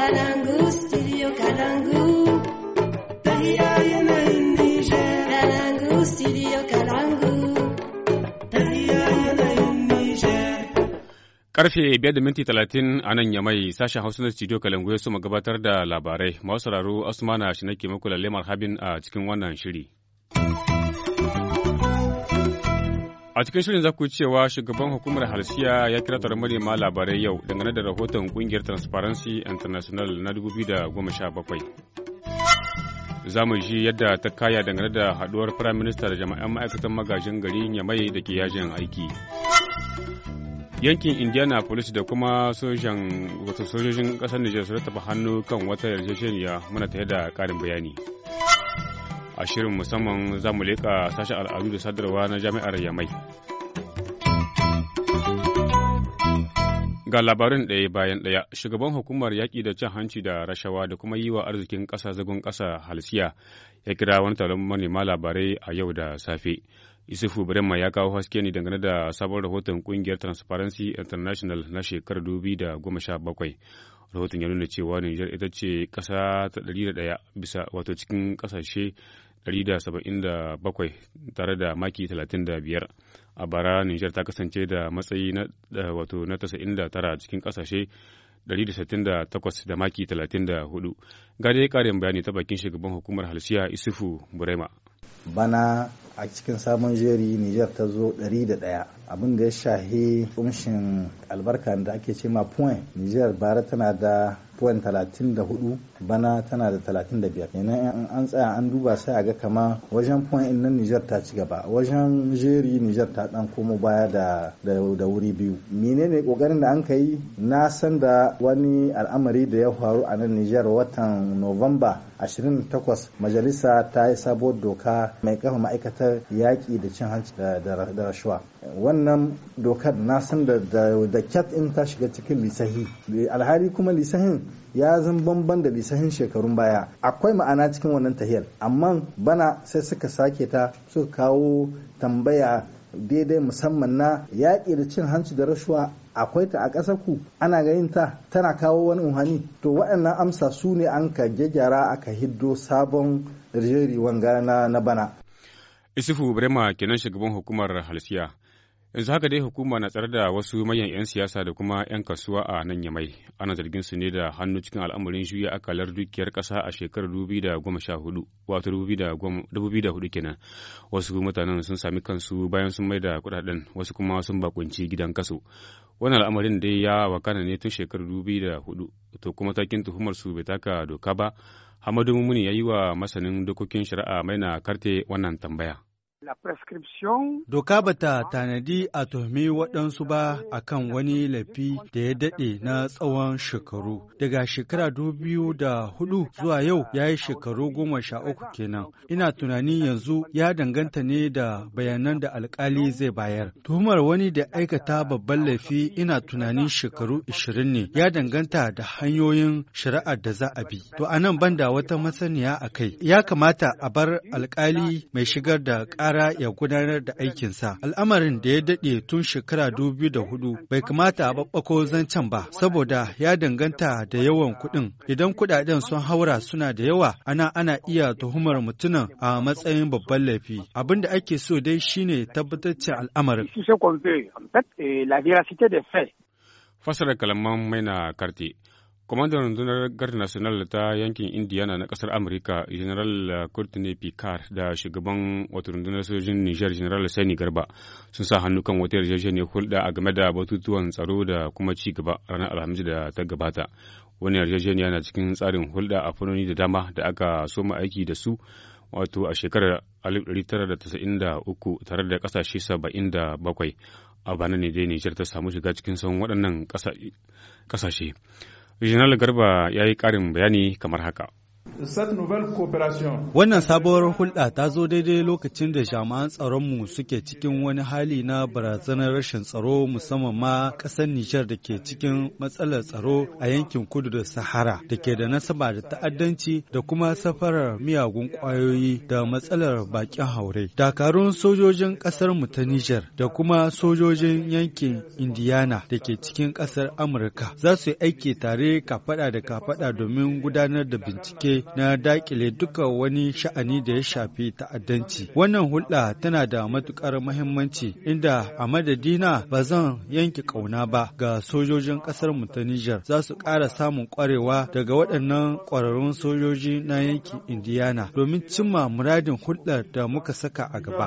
Kalangu, studio Kalangu. Tahia yanayin Kalangu, studio Kalangu. Tahia yanayin Karfe biyar da minti talatin a nan mai sashen Hausa na studio Kalangu ya soma gabatar da labarai. Masu sauraro Asmana shi nake muku lalle marhabin a cikin wannan shiri. A cikin shirin za ku cewa shugaban hukumar halsiya ya kira tare manema labarai yau dangane da rahoton kungiyar Transparency International na 2017. Za mu ji yadda ta kaya dangane da haduwar Prime Minister da jama'an ma'aikatan magajin gari Nyamai da ke yajin aiki. Yankin Indiana Police da kuma sojan wata sojojin ƙasar Nijar su tafi hannu kan wata yarjejeniya muna tare da ƙarin bayani. a shirin musamman za mu leƙa sashen al'adu da sadarwa na jami'ar Yamai. Ga labarin ɗaya bayan ɗaya, shugaban hukumar yaƙi da cin hanci da rashawa da kuma yi wa arzikin ƙasa zagon ƙasa halsiya ya kira wani taron manema labarai a yau da safe. isufu Birema ya kawo haske ne dangane da sabon rahoton ƙungiyar Transparency International na shekarar goma bakwai Rahoton ya nuna cewa Nijar ita ce ƙasa ta ɗari da ɗaya bisa wato cikin ƙasashe 177 tare da maki 35 a bara niger ta kasance da matsayi na 99 a cikin kasashe 168 da maki 34 ga dai karin bayani ta bakin shugaban hukumar halsiya isufu burema bana a cikin samun jeri niger ta zo 101 abin da ya shahi kumshin albarka da ake ce ma point niger bara tana da da 34 bana tana da 35 kenan an tsaya an duba sai a ga kama wajen puan in Nijar ta ci gaba wajen jeri Nijar ta dan komo baya da da wuri biyu menene kokarin da an yi na san da wani al'amari da ya faru a nan Nijar watan November 28 majalisa ta yi sabuwar doka mai kafa ma'aikatar yaƙi da cin hanci da rashuwa wannan dokar na san da kyat in ta shiga cikin lisahi alhali kuma lisahin ya zan bamban da lisahin shekarun baya akwai ma'ana cikin wannan tahiyar amma bana sai suka sake ta suka kawo tambaya daidai musamman na yaƙi da cin hanci da rashuwa akwai ta a ƙasar ku ana ganin ta tana kawo wani unhani to waɗannan amsa su ne an ka gyara aka hiddo sabon rijeri wanga na bana isufu brema kenan shugaban hukumar halsiya yanzu haka dai hukuma na tsare da wasu manyan 'yan siyasa da kuma 'yan kasuwa a nan yamai ana zargin su ne da hannu cikin al'amarin juya akalar dukiyar kasa a shekarar 2014 wato 2004 kenan wasu mutanen sun sami kansu bayan sun mai da kudaden wasu kuma sun bakunci gidan kaso wannan al'amarin dai ya wakana ne tun shekarar 2004 to kuma takin tuhumar su bai taka doka ba hamadu mumuni ya yi wa masanin dokokin shari'a mai na karte wannan tambaya Prescription... Doka ba tanadi a tuhumi waɗansu ba a kan wani laifi da ya daɗe na tsawon shekaru. Daga shekara biyu da hudu zuwa yau ya yi shekaru goma sha uku kenan. Ina tunani yanzu ya danganta ne da bayanan da alkali zai bayar. Tuhumar wani da aikata babban laifi ina tunanin shekaru ishirin ne. Ya danganta da hanyoyin shari'ar da za a bi. To a nan ban wata masaniya a kai. Ya kamata a bar alkali mai shigar da ƙara gyara ya gudanar da aikinsa. Al'amarin da ya daɗe tun shekara dubu da hudu bai kamata a ɓaɓɓako zancen ba, saboda ya danganta da yawan kuɗin. Idan kuɗaɗen sun haura suna da yawa, ana ana iya tuhumar mutumin a matsayin babban laifi. Abin da ake so dai shine tabbataccen al'amarin. Fasarar kalaman maina karti. Kwamandan rundunar Guard National ta yankin Indiana na kasar Amurka, General eh, Courtney Picard da shugaban wata rundunar sojin Nijar General Sani Garba sun sa hannu kan wata yarjejeniyar hulɗa a game da batutuwan tsaro da kuma ci gaba ranar Alhamis da ta gabata. Wani yarjejeniya na cikin tsarin hulɗa a fannoni da dama da aka soma aiki da su wato a shekarar 1993 tare da ƙasashe 77 a bana ne dai Nijar ta samu shiga cikin son waɗannan kasashe. regional Garba ya yi ƙarin bayani kamar haka. Wannan sabuwar hulɗa ta zo daidai lokacin da jami'an tsaronmu suke cikin wani hali na barazanar rashin tsaro musamman ma ƙasar Nijar da ke cikin matsalar tsaro a yankin kudu da Sahara da ke da nasaba da ta'addanci da kuma safarar miyagun ƙwayoyi da matsalar baƙin haure. Dakarun sojojin ƙasar mu ta Nijar da kuma sojojin yankin Indiana da ke cikin ƙasar Amurka za su yi aiki tare kafaɗa da kafaɗa domin gudanar da bincike na dakile duka wani sha'ani da ya shafi ta'addanci. Wannan hulɗa tana da matuƙar muhimmanci inda a madadina ba zan yanke ƙauna ba ga sojojin ƙasar mu ta Nijar za su ƙara samun ƙwarewa daga waɗannan ƙwararrun sojoji na yankin Indiana domin cimma muradin hulɗar da muka saka a gaba.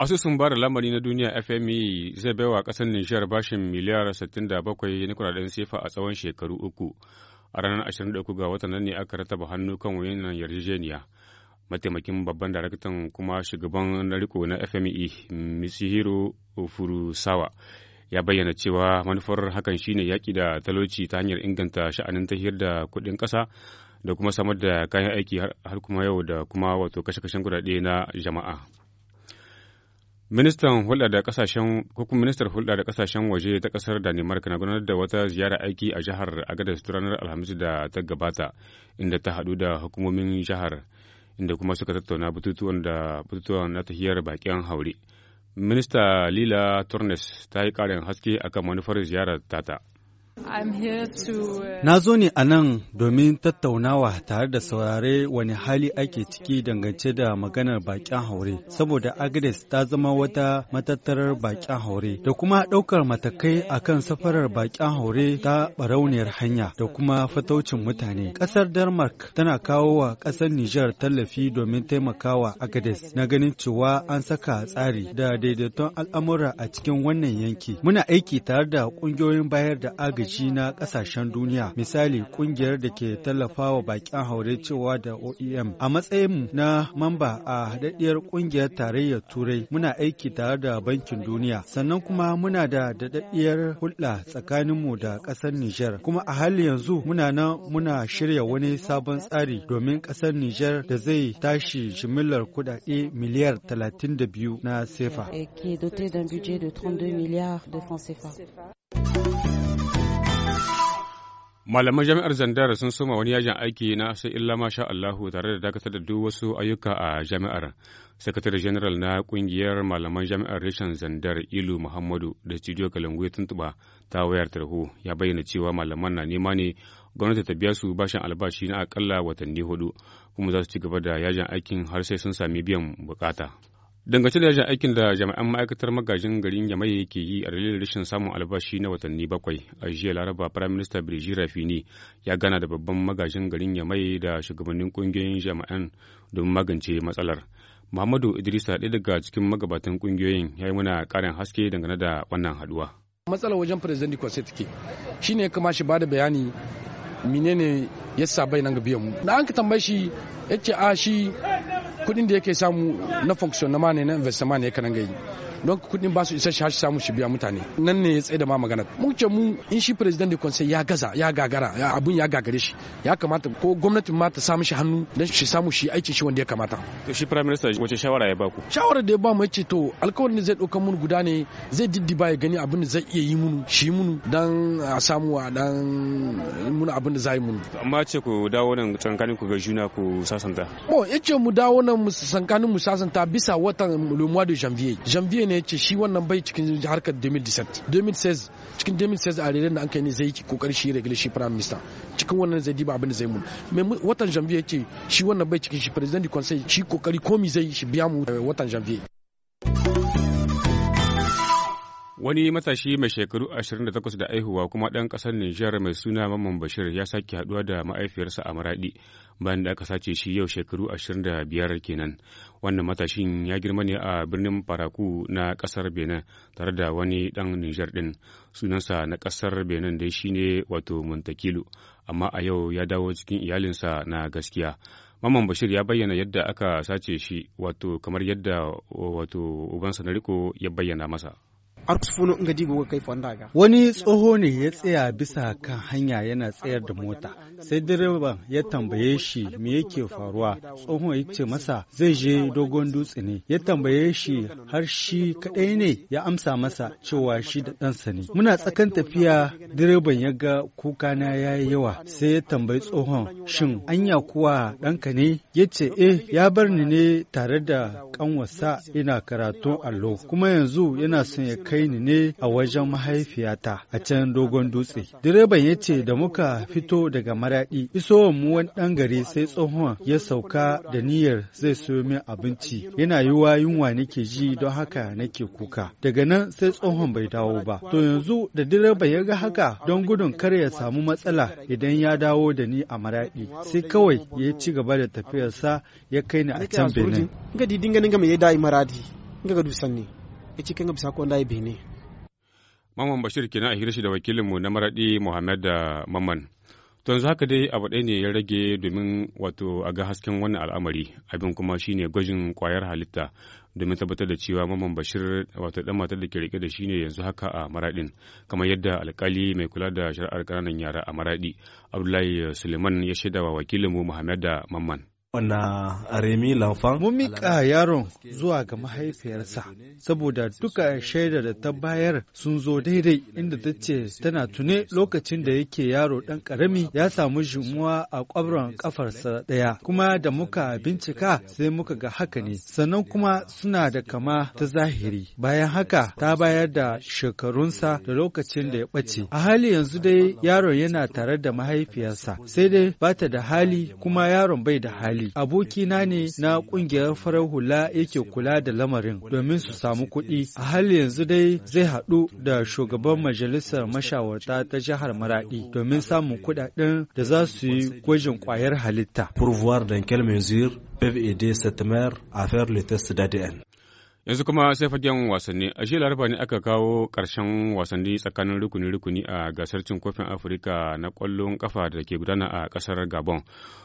Asusun bada lamari na duniya FME zai baiwa kasar Nijar bashin miliyar 67 na kudaden sefa a tsawon shekaru uku. A ranar 23 ga watan nan ne aka rataba hannu kan wayannan yarjejeniya. Mataimakin babban daraktan kuma shugaban na riko na FME Misihiro Furusawa ya bayyana cewa manufar hakan shine yaƙi da talauci ta hanyar inganta sha'anin tahiyar da kuɗin ƙasa da kuma samar da kayan aiki har kuma yau da kuma wato kashe-kashen kudade na jama'a. Ministan hulɗa da kasashen hukum ministar hulɗa da kasashen waje ta ƙasar Danimark na gudanar da wata ziyara aiki a jihar Agadez ranar Alhamis da ta gabata inda ta haɗu da hukumomin jihar inda kuma suka tattauna batutuwan da batutuwan na tahiyar bakin haure. Minista Lila Turnes ta yi ƙarin haske akan manufar ziyarar tata. Uh, na zo ne a nan domin tattaunawa tare da saurare wani hali ake ciki dangance da maganar bakin haure, saboda Agnes ta zama wata matattarar bakin haure da kuma ɗaukar matakai a kan safarar bakin haure ta barauniyar hanya da kuma fataucin mutane. Ƙasar Denmark tana kawo wa ƙasar Nijar tallafi domin taimakawa Agnes na ganin cewa an saka tsari da daidaiton al'amura a cikin wannan yanki. Muna aiki tare da ƙungiyoyin bayar da agaji yawanci na ƙasashen duniya misali ƙungiyar da ke tallafawa bakin haure cewa da OEM. A matsayin na mamba a haɗaɗɗiyar ƙungiyar tarayyar Turai muna aiki tare da Bankin Duniya sannan kuma muna da daɗaɗɗiyar hulɗa tsakaninmu da ƙasar niger kuma a hali yanzu muna na muna shirya wani sabon tsari domin ƙasar niger da zai tashi jimillar kuɗaɗe miliyar 32 na sefa. Malaman jami'ar Zandar sun soma wani yajin aiki na sai illa masha Allahu tare da dakatar da duk wasu ayyuka a jami'ar. Sakatare General na kungiyar malaman jami'ar reshen Zandar Ilu Muhammadu da Studio Kalangu ya ta wayar tarho ya bayyana cewa malaman na nema ne gwamnati ta biya su bashin albashi na akalla watanni hudu kuma za su ci gaba da yajin aikin har sai sun sami biyan bukata. Dangance da yajin aikin da jami'an ma'aikatar magajin garin Yamai ke yi a dalilin rashin samun albashi na watanni bakwai, a jiya Laraba Prime Minister Birji Rafini ya gana da babban magajin garin Yamai da shugabannin kungiyoyin jami'an don magance matsalar. Muhammadu Idrisa ɗaya daga cikin magabatan kungiyoyin ya yi mana ƙarin haske dangane da wannan haɗuwa. Matsalar wajen President Kwasai take shi ya kama shi bada bayani menene ya sa bai nan ga biyan mu. Da an ka tambaye shi ya ce a ah, shi kudin da yake samu na function na ne na investment ne kanan gai don kudin ba su isa shi samu shi biya mutane nan ne ya tsaye da ma magana mun ce mu in shi president da conseil ya gaza ya gagara abun ya gagare shi ya kamata ko gwamnatin ma ta samu shi hannu don shi samu shi aikin shi wanda ya kamata to shi prime minister wace shawara ya baku shawara da ya ba mu yace to alkawarin da zai dauka mun guda ne zai diddiba ya gani abin da zai iya yi mun shi mun dan a samu a dan mun abin da zai mun amma ce ku dawo nan tsankanin ku ga juna ku sasanta bo yace mu dawo wannan sankanin musasanta bisa watan le de janvier janvier ne ce shi wannan bai cikin harkar 2017 2016 cikin 2016 a rere da an kai ne zai yi kokari shi regular shi prime minister cikin wannan zai diba abin da zai mun mai watan janvier ce shi wannan bai cikin shi president du conseil shi kokari komi zai shi biya mu eh, watan janvier Wani matashi mai shekaru 28 da aihuwa kuma ɗan ƙasar Nijar mai suna Mamman Bashir ya sake haɗuwa da ma'aifiyarsa a Maraɗi bayan da aka sace shi yau shekaru 25 kenan. Wannan matashin ya girma ne a birnin Faraku na ƙasar Benin tare da wani ɗan Nijar ɗin. Sunansa na ƙasar Benin dai shine wato Muntakilu, amma a yau ya dawo cikin iyalinsa na gaskiya. Maman Bashir ya bayyana yadda aka sace shi wato kamar yadda wato ubansa na riko ya bayyana masa. arkusfono nga digo ga kai fondaga wani tsoho ne ya tsaya bisa kan hanya yana tsayar da mota sai direban ya tambaye shi me yake faruwa tsohon ya ce masa zai je dogon dutse ne ya tambaye shi har shi kadai ne ya amsa masa cewa shi da ɗansa ne muna tsakan tafiya direban ya ga kuka na yayi yawa sai ya tambayi tsohon shin anya kuwa ɗanka ne ya ce eh ya bar ni ne tare da ƙanwarsa ina karatu allo kuma yanzu yana son ya kai kai ni ne a wajen mahaifiyata a can dogon dutse. Direban ya ce da muka fito daga maraɗi, isowar mu wani ɗan gari sai tsohon ya sauka da niyyar zai siyo min abinci. Yana wa yunwa nake ji don haka nake kuka. Daga nan sai tsohon bai dawo ba. To yanzu da direban ya ga haka don gudun kar ya samu matsala idan ya dawo da ni a maraɗi. Sai kawai ya ci gaba da tafiyarsa ya kai ni a can Benin. didin ganin mai ya da'i maradi. dusan ne. cikin ga bisa ko ya bene Maman Bashir kenan a hira shi da wakilinmu na Maradi Muhammad Mamman To yanzu haka dai abu ɗaya ne ya rage domin wato a ga hasken wannan al'amari abin kuma shine gwajin kwayar halitta domin tabbatar da cewa mamman Bashir wato ɗan matar da ke rike da shi ne yanzu haka a Maradin kamar yadda alkali mai kula da shari'ar ƙananan yara a Maradi Abdullahi Suleiman ya shaida wa wakilinmu Muhammad Mamman. Mun miƙa yaron zuwa ga mahaifiyarsa, saboda duka shaida da ta bayar sun zo daidai inda ta ce tana tune lokacin da yake yaro ɗan ƙarami ya samu jimuwa a ƙwabron ƙafarsa ɗaya. Kuma da muka bincika sai muka ga haka ne, sannan kuma suna da kama ta zahiri. Bayan haka ta bayar da shekarunsa da lokacin da ya ɓace. A hali yanzu dai yaron yana tare da mahaifiyarsa, sai dai ba ta da hali kuma yaron bai da hali. misali abokina ne na kungiyar farar hula yake kula da lamarin domin su samu kuɗi a hali yanzu dai zai haɗu da shugaban majalisar mashawarta ta jihar maradi domin samun kuɗaɗen da za su yi gwajin kwayar halitta. Pour voir dans quelle mesure peuvent aider cette mère à faire le yanzu kuma sai fagen wasanni a shi laraba ne aka kawo karshen wasanni tsakanin rukuni-rukuni a gasar cin kofin afirka na kwallon kafa da ke gudana a ƙasar gabon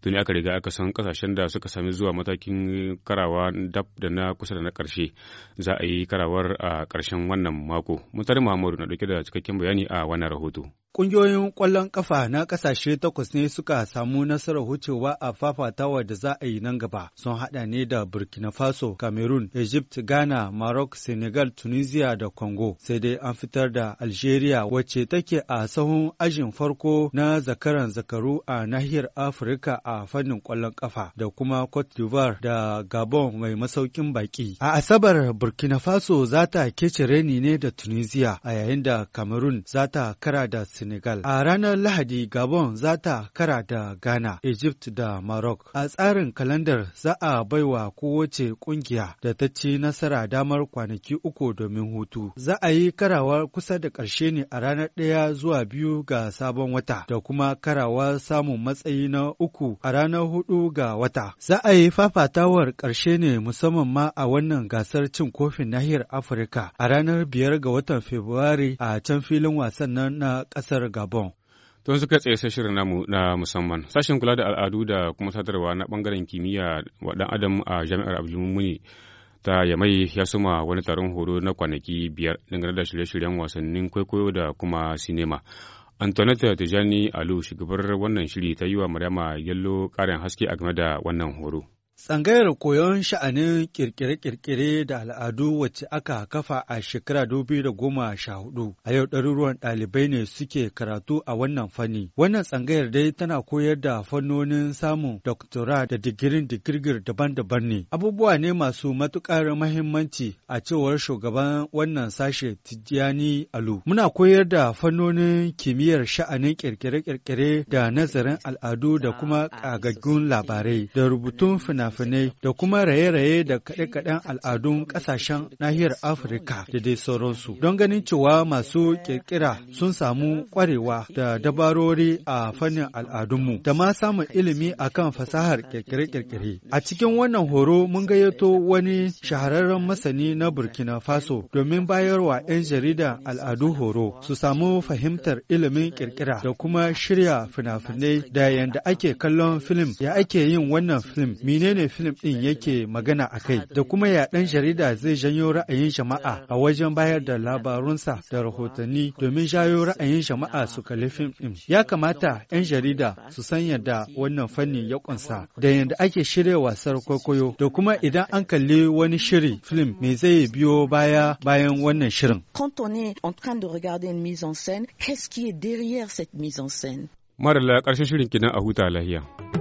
tuni aka riga aka san kasashen da suka sami zuwa matakin karawa dab da na kusa da na karshe za a yi karawar a ƙarshen wannan mako mutane muhammadu na ɗauke da cikakken bayani a wannan rahoto Ƙungiyoyin ƙwallon ƙafa na ƙasashe takwas ne suka samu nasarar wucewa a fafatawa da za a yi nan gaba sun haɗa ne da Burkina Faso, Cameroon, Egypt, Ghana, Maroc, Senegal, Tunisia da Congo. Sai dai an fitar da Algeria wacce take a sahun ajin farko na zakaran zakaru a nahiyar Afirka a fannin ƙwallon ƙafa da kuma Cote d'Ivoire da Gabon mai masaukin baƙi. A Asabar Burkina Faso za ta kece reni ne da Tunisia a yayin da Cameroon za ta kara da Senegal. A ranar Lahadi Gabon za ta kara da Ghana, Egypt da Maroc. A tsarin kalandar za a baiwa kowace ƙungiya da ta ci nasara damar kwanaki uku domin hutu. Za a yi karawa kusa da ƙarshe ne a ranar ɗaya zuwa biyu ga sabon wata da kuma karawa samun matsayi na uku a ranar hudu ga wata. Za a yi fafatawar ƙarshe ne musamman ma a wannan gasar cin kofin nahiyar Afirka a ranar biyar ga watan Fabrairu a can filin wasan nan na ƙasar ƙasar Gabon. Don suka tsaye sai shirin namu na musamman. Sashen kula da al'adu da kuma sadarwa na bangaren kimiyya wa ɗan adam a jami'ar Abdulmumuni ta Yamai ya suma wani taron horo na kwanaki biyar dangane da shirye-shiryen wasannin kwaikwayo da kuma sinema. Antoinette Tijani Alu shugabar wannan shiri ta yi wa Maryama Yallo ƙarin haske a game da wannan horo. Tsangayar koyon sha'anin kirkire-kirkire da al'adu wacce aka kafa a shekara goma sha hudu, a yau ɗaruruwan ɗalibai ne suke karatu a wannan fanni. Wannan tsangayar dai tana koyar da fannonin samun doktora da digirin digirgir daban-daban ne. Abubuwa ne masu matuƙar mahimmanci a cewar shugaban wannan sashe Tijjani Alu. Muna koyar da fannonin kimiyyar sha'anin kirkire-kirkire da nazarin al'adu da kuma ƙagaggun labarai da rubutun fina fina-finai da kuma raye-raye da kaɗe-kaɗen al'adun ƙasashen nahiyar Afirka da dai sauransu. Don ganin cewa masu ƙirƙira sun samu ƙwarewa da dabarori a fannin al'adunmu da ma samun ilimi akan fasahar ƙirƙire-ƙirƙire. A cikin wannan horo mun gayyato wani shahararren masani na Burkina Faso domin bayarwa 'yan jarida al'adu horo su samu fahimtar ilimin ƙirƙira da kuma shirya fina-finai da yadda ake kallon film ya ake yin wannan film menene ne fim ɗin yake magana a kai da kuma ya ɗan jarida zai janyo ra'ayin jama'a a wajen bayar da labarunsa da rahotanni domin jayo ra'ayin jama'a su kalli fim ɗin. Ya kamata 'yan jarida su san yadda wannan fanni ya ƙunsa da yadda ake shirya wasar kwaikwayo da kuma idan an kalli wani shiri fim me zai biyo baya bayan wannan shirin. Marala ƙarshen shirin kina a huta lahiya.